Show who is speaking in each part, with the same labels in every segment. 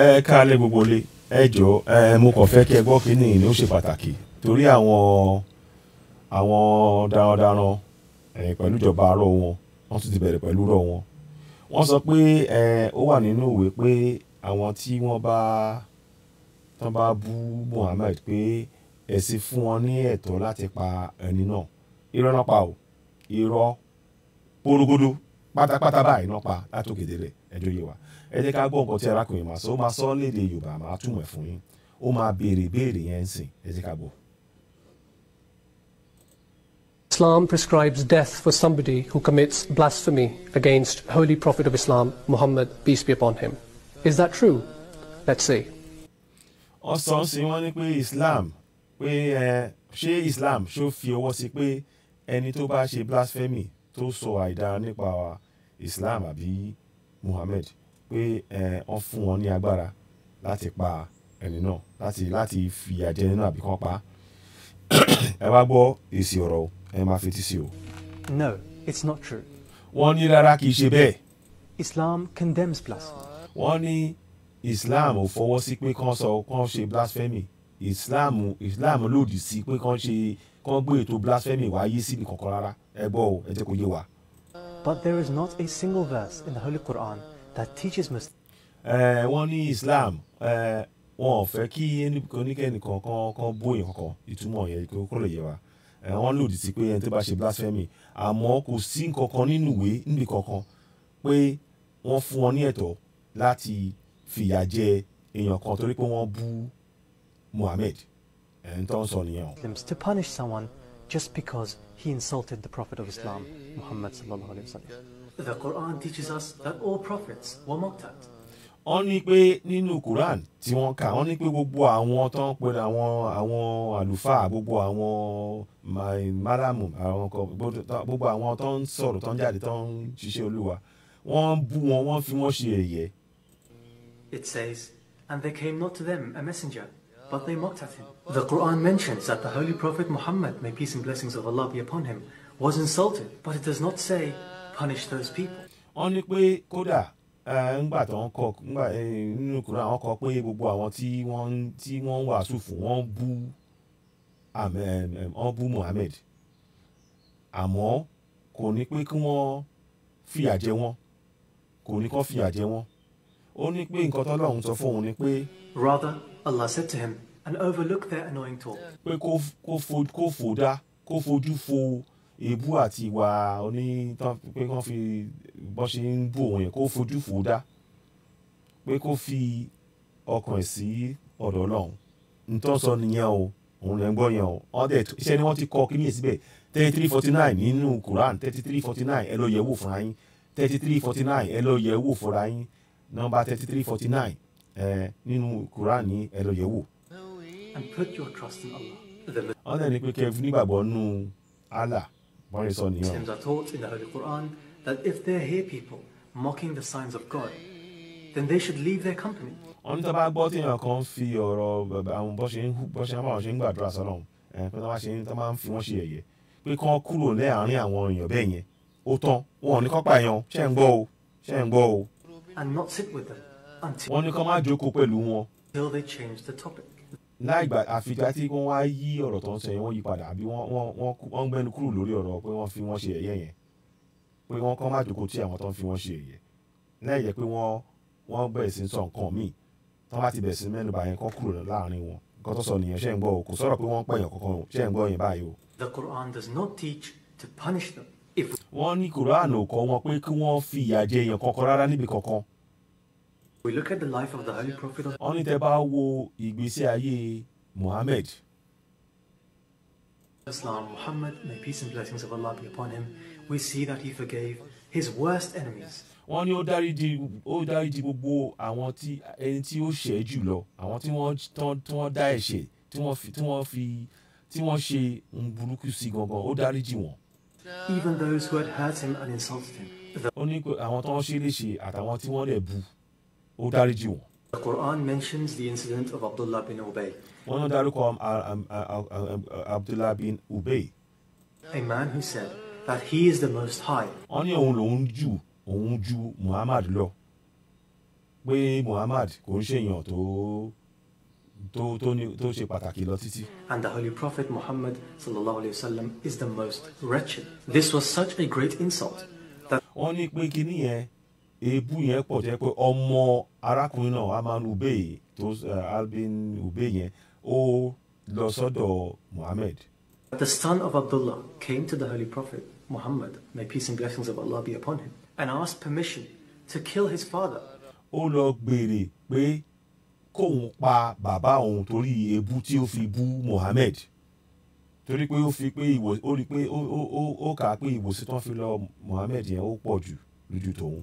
Speaker 1: ẹ kálẹ̀ gbogbo lé ẹ jọ ẹ mo kàn fẹ́ kí ẹ gbọ́ kí nìyí ni ó ṣe pàtàkì torí àwọn àwọn darandaran ẹ̀yìn pẹ̀lú ìjọba arọ wọn wọ́n tún ti bẹ̀rẹ̀ pẹ̀lú rọ wọn
Speaker 2: wọ́n sọ pé ẹ ó wà nínú ìwé
Speaker 1: pé àwọn tí wọ́n bá tán bá bú Muhammed pé ẹ̀sìn fún wọn ní ẹ̀tọ́ láti pa ẹni náà irọ́ náà pa ò irọ́ porogodo pátápátá báyìí náà pa látòkè délẹ̀ ẹjọ́ yé wa.
Speaker 2: ẹ jẹ́ ká gbọ́ nǹkan tí arákùnrin máa sọ ó sọ léde
Speaker 1: yorùbá máa túmọ̀ ẹ̀ fún yín ó máa béèrè béèrè yẹn sìn ẹ jẹ́ ká gbọ́.
Speaker 2: Islam prescribes death for somebody who commits blasphemy against Holy Prophet of Islam, Muhammad, peace be upon him. Is that true? Let's see. Wọ́n sọ sí wọ́n ní
Speaker 1: pé Islam pé ẹ ṣé Islam ṣó fi ọwọ́ sí pé ẹni tó bá ṣe blasphemy tó sọ àìdáa nípa Islam àbí Muhammad. pé wọ́n fún wọn ní agbára láti pa ẹni náà láti láti fìyà jẹ náà àbí kán pa ẹ wá gbọ́ èsì ọ̀rọ̀ o ẹ máa fetí sí o.
Speaker 2: No, it's not true. wọ́n ní rárá kì í ṣe bẹ́ẹ̀. Islam condemns blasphemy. wọ́n ní Islam ò fọwọ́ sí pé kán sọ kán ṣe blasphemy Islam Islam lòdì
Speaker 1: sí pé kán ṣe kán gbé ètò blasphemy wáyé síbi kankan rárá ẹ gbọ́ o ẹ jẹ́ kó yé wa.
Speaker 2: But there is not a single verse in the Holy Quran that teaches Muslims. wọ́n ní Islam
Speaker 1: wọn ò fẹ́ kí oníkẹ́ni kankan kan bóyá kankan ìtumọ̀ yẹn kí ó lè yẹ wa wọ́n lòdì sí pé ẹni tó bá ṣe blasphemy àmọ́ kò sí nkankan nínú ìwé níbi kankan pé wọ́n fún wọn ní ẹ̀tọ́ láti fìyà jẹ èèyàn kan torí pé wọ́n bú Muhammad ẹni tó ń sọ nìyẹn.
Speaker 2: to punish someone just because he insulted the prophet of Islam Muhammad sallallahu alayhi wa sallam. The Quran teaches us that all prophets were mocked at.
Speaker 1: pé nínú Quran tí wọ́n kà wọ́n ní pé gbogbo àwọn àwọn gbogbo àwọn àwọn gbogbo àwọn sọ̀rọ̀ jáde ṣiṣẹ́ olúwa wọ́n bú wọn wọ́n fi wọ́n ṣe ẹ̀yẹ.
Speaker 2: It says, and there came not to them a messenger, but they mocked at him. The Quran mentions that the Holy Prophet Muhammad, may peace and blessings of Allah be upon him, was insulted, but it does not say punish those people. wọ́n ní pé kódà ńgbà tó ń kọ
Speaker 1: nínú kúrò àwọn kọ pé gbogbo àwọn tí wọ́n tí wọ́n ń wàásù wọ́n bú wọ́n bú Muhammad àmọ́ kò ní pé kí
Speaker 2: wọ́n fìyà jẹ wọ́n kò ní kó fìyà jẹ wọ́n ó ní pé nǹkan tọ́lọ́run sọ fún ni pé. Rather, Allah said to him and overlook their annoying talk. pé kó fò dá
Speaker 1: kó fojú fo èébú àti ìwà oní pé kán fi bọ́n ṣe ń bú òun yẹn kó fojú fò dá pé kó fi ọkàn ẹ̀ sí ọ̀dọ̀ ọlọ́run nítorí sọ nìyẹn o òun lè ń gbọ́ yẹn o ọ̀dẹ̀ iṣẹ́ ni wọ́n ti kọ kíní yẹn síbẹ̀ thirty three forty nine nínú Quran thirty three forty nine ẹ lọ yẹ̀ wò fúnra yín thirty three forty nine ẹ lọ yẹ̀ wò fúnra yín nọ́mbà thirty three forty nine nínú Quran yín ẹ lọ yẹ̀ wò.
Speaker 2: and put your trust in Allah. ọ̀dẹ̀ ni pé kẹ́ ẹ nígbàgbọ́ nù Allah Why on Muslims are taught in the Holy Quran that if they hear people mocking the signs of God, then they should leave their company. wọ́n tó bá gbọ́ téèyàn
Speaker 1: kan fi ọ̀rọ̀ àwọn bó ṣe ń bó ṣe ń báwọn ṣe ń gbàdúrà sọ́nà pé wọ́n ṣe ń tó máa ń fi wọ́n ṣe ẹ̀yẹ
Speaker 2: pé kán kúrò láàárín àwọn èèyàn bẹ́ẹ̀ yẹn ó tán wọn ò ní kán pààyàn ṣe ń gbọ́ o ṣe paayan and not sit with them until they change the topic. láìgbà àfìgbà tí wọ́n wá yí
Speaker 1: ọ̀rọ̀ tó ń sọ yẹn wọ́n yí padà àbí wọ́n gbẹ́nu kúrò lórí ọ̀rọ̀ pé wọ́n fi wọ́n ṣe ẹ̀yẹ yẹn pé wọ́n kàn má jókòó tí àwọn tó ń fi wọ́n ṣe ẹ̀yẹ náà yẹ pé wọ́n wọ́n bẹ̀rẹ̀ sí sọ nǹkan míì tó bá ti bẹ̀rẹ̀ sí mẹ́nu bàyẹn kọ́ kúrò láàrin wọn nǹkan tó sọ nìyẹn ṣe ń gbọ́ kò sọ̀rọ̀ pé wọ́n pẹ̀yàn kankan ṣe ń gbọ́ yẹn báyìí o.
Speaker 2: The Quran does not teach to punish them. wọ́n ní Quran kọ́ wọn pé
Speaker 1: kí wọ́n fi ìyà jẹ èèyàn kankan rárá níbi kankan
Speaker 2: We look at the life of the Holy Prophet of. Wọ́n ní tẹ́
Speaker 1: wo ìgbésí ayé Muhammad.
Speaker 2: Islam, Muhammad, may peace and blessings of Allah be upon him, we see that he forgave his worst enemies. Wọ́n ní ó dáríjì ó dáríjì gbogbo àwọn tí
Speaker 1: ẹni tí ó ṣẹ̀ jù lọ, àwọn tí wọ́n tí wọ́n dá ẹ̀ṣẹ̀ tí fi tí wọ́n fi tí wọ́n ṣe ń burúkú sí gangan, ó dáríjì wọ́n.
Speaker 2: Even those who had hurt him and insulted him. Ó ní pé àwọn tí wọ́n ṣe
Speaker 1: léṣe àtàwọn tí wọ́n bu. Odariji wọn.
Speaker 2: The Quran mentions the incident of Abdullah bin Ubay. Wọ́n náà dárúkọ Abdullah bin Ubay. A man who said that he is the most high.
Speaker 1: Wọ́n ní òun lòun jù òun ju Muhammad lọ. Pé Muhammad kò ń ṣèyàn tó tó tó ní tó ṣe pàtàkì lọ títí.
Speaker 2: And the holy prophet Muhammad sallallahu alayhi wa sallam is the most wretched. This was such a great insult. Wọ́n ní pé kíní yẹn èébú yẹn pọ̀ jẹ́ pé ọmọ arákùnrin
Speaker 1: náà Amanu Ubey tó eh, Albin Ubey yẹn ó lọ sọ́dọ̀
Speaker 2: Muhammad. The son of Abdullah came to the Holy Prophet Muhammad, may peace and blessings of Allah be upon him, and asked permission to kill his father.
Speaker 1: Ó lọ gbèrè pé kóun pa bàbá òun torí èébú tí ó fi bú Muhammad torí pé ó fi pé ìwò ó rí i pé ó kà á pé ìwòsí tán fi lọ Muhammad yẹn ó pọ̀ jù lójú tòun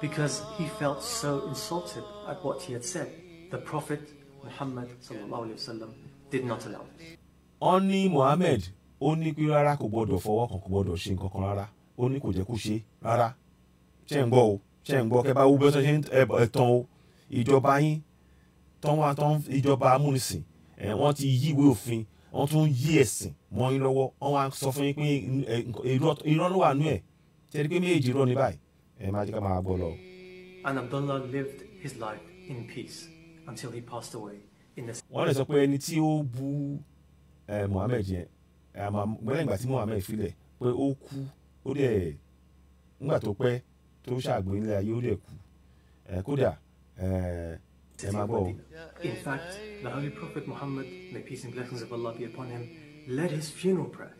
Speaker 2: because he felt so insulted at what he had said. The Prophet Muhammad وسلم, did not allow this.
Speaker 1: Only Muhammad only ní kubodo, for kò kubodo fọwọ́ kan Only gbọ́dọ̀ ṣe nǹkan kan rárá ó ní kò jẹ́ kó ṣe rárá ṣe ń gbọ́ o ṣe ń gbọ́ kẹ́ bá wú bí wọ́n ṣe ń tán o ìjọba tún yí ẹ̀sìn mọ́ yín lọ́wọ́ wọ́n wá sọ fún yín pé irọ́ nú ẹ̀
Speaker 2: tẹ́lẹ̀ pé méjì irọ́ ní báyìí And Abdullah lived his life in peace until he passed away in the. wọ́n lè sọ pé ẹni
Speaker 1: tí ó bu Muhammed yẹn lẹ́yìn ìgbà tí Muhammed filẹ̀ pé ó kú ó dẹ̀ ńgbà tó
Speaker 2: In fact, the Holy Prophet Muhammad, may peace and blessings of Allah be upon him, led his funeral prayer.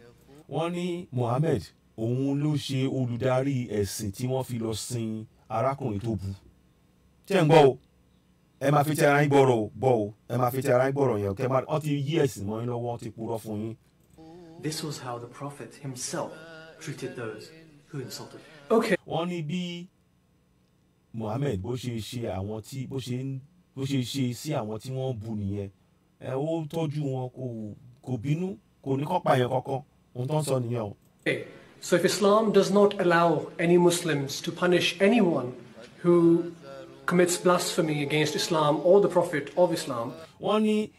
Speaker 2: wọ́n ní
Speaker 1: òun ló ṣe olùdarí ẹ̀sìn tí wọ́n fi lọ sin arákùnrin tó bu tẹ́ ń gbọ́ o ẹ máa fi ti ara yín gbọ́rọ̀ o gbọ́ o ẹ máa fi ti ara yín gbọ́rọ̀ yẹn kẹ́ máa wọ́n ti yí ẹ̀sìn mọ́ yín lọ́wọ́ wọ́n ti purọ́ fún yín.
Speaker 2: This was how the prophet himself treated those who insulted
Speaker 1: Okay. wọ́n ní bí Muhammad bó ṣe ṣe àwọn tí bó ṣe ń bó ṣe ṣe sí àwọn tí wọ́n bu nìyẹn ẹ ó tọ́jú wọn kò kò bínú kò ní kọ́ pààyàn kankan
Speaker 2: ohun tó ń sọ nìyẹn o. So if Islam does not allow any Muslims to punish anyone who commits blasphemy against Islam or the Prophet of Islam. wọ́n ní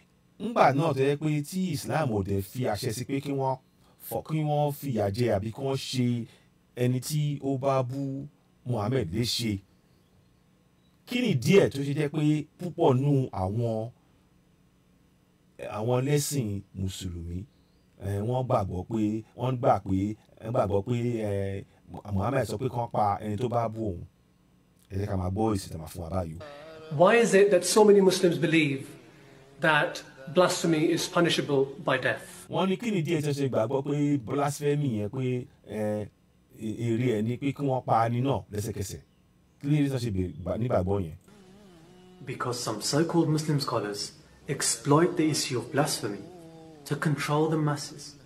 Speaker 2: ńgbà náà tó yẹ pé tí Islam ò dẹ̀ fi àṣẹ sí pé kí
Speaker 1: wọ́n fọ kí wọ́n fìyà jẹ àbí kí wọ́n ṣe ẹni tí ó bá bú Muhammad léṣe
Speaker 2: kí ni díẹ̀ tó ṣe jẹ́ pé
Speaker 1: púpọ̀ nù ki se àwọn lẹ́sìn mùsùlùmí wọ́n gbàgbọ́ pé wọ́n gbà pé gbàgbọ́ pé
Speaker 2: sọ pé kán pa ẹni tó bá bú òun
Speaker 1: ẹ jẹ́ ká máa gbọ́ èsì tó máa fún wa báyìí.
Speaker 2: Why is it that so many Muslims believe that blasphemy is punishable by death? wọ́n ní kí ni díẹ̀ tó ṣe gbàgbọ́ pé blasphemy
Speaker 1: yẹn pé èrè ẹ̀ ni die se gbagbo pe kí wọ́n pa náà lẹ́sẹ̀kẹsẹ̀ kí ni ṣe nígbàgbọ́ yẹn.
Speaker 2: Because some so-called Muslim scholars exploit the issue of blasphemy to control the masses.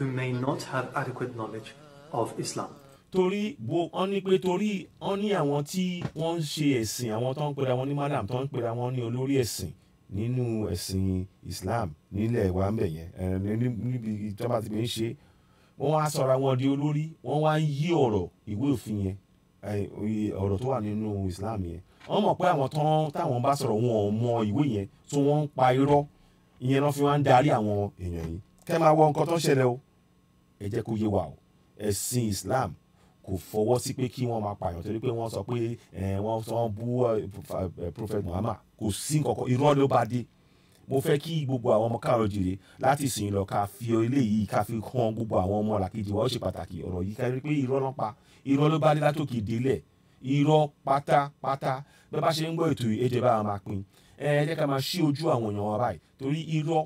Speaker 2: who may not have adequate knowledge of Islam. torí
Speaker 1: bo wọ́n ní pé torí wọ́n ní àwọn tí wọ́n ń ṣe ẹ̀sìn àwọn tó ń pera wọn ní madam tó ń pera wọn ní olórí ẹ̀sìn nínú ẹ̀sìn Islam nílẹ̀ wa ń bẹ̀ yẹn eh, níbi ìjọba ti fi ń ṣe wọ́n wá sọra wọn di olórí wọ́n wá ń yí ọ̀rọ̀ ìwé òfin yẹn eh, ọ̀rọ̀ tó wà nínú Islam yẹn wọ́n mọ̀ pé àwọn tán táwọn bá sọ̀rọ̀ wọn ò mọ ìwé yẹn tó wọ́n ń pa irọ́ ìyẹn lọ́ fi wá ń darí àwọn èèyàn yìí kẹ́ máa wọ nǹkan tó ń ṣẹlẹ̀ o ẹ jẹ́ kó yé wa o ẹ̀sìn Islam kò fọwọ́ sí pé kí wọ́n máa pààyàn torí pé wọ́n sọ pé wọ́n sọ bú prophet Muhammad kò sí nǹkankan irọ́ ló bá dé mo fẹ́ kí gbogbo àwọn ọmọ káàrọ̀ jèrè láti sìn lọ ká fi eléyìí ká fi hàn gbogbo àwọn ọmọ làkejì wa ó ṣe pàtàkì ọ̀rọ̀ yìí kárí pé irọ́ náà irọ́ ló bá dé látòkè délẹ̀ irọ́ pátápátá bẹ́ẹ̀ bá ṣe ń gbọ́ ètò ìjẹ́ bá a máa pín ẹ jẹ́ ká máa ṣí ojú àwọn èèyàn wa báyìí torí irọ́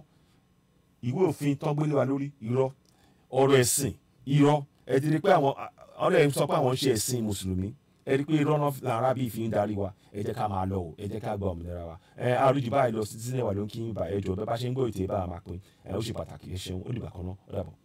Speaker 1: ìwé òfin tọ́gbélé wa lórí irọ́ ọ̀rọ̀ ẹ̀sìn irọ́ ẹ ti rí pé àwọn ọlọ́yìn sọ pé àwọn ń ṣe ẹ̀sìn mùsùlùmí ẹ rí pé irọ́ náà ara bíi fi ń darí wa ẹ jẹ́ ká máa lọ o ẹ jẹ́ ká gba òmìnira wa ẹ arúgbó báyìí lọ sí sílẹ̀ wà ló ń kí yín bá ẹ jọ bẹ́ẹ̀ bá ṣe ń gbọ́ ètè bá a máa pín ẹ ó ṣe pàtàkì ẹ ṣeun ó dìgbà kan náà ó dàbọ̀.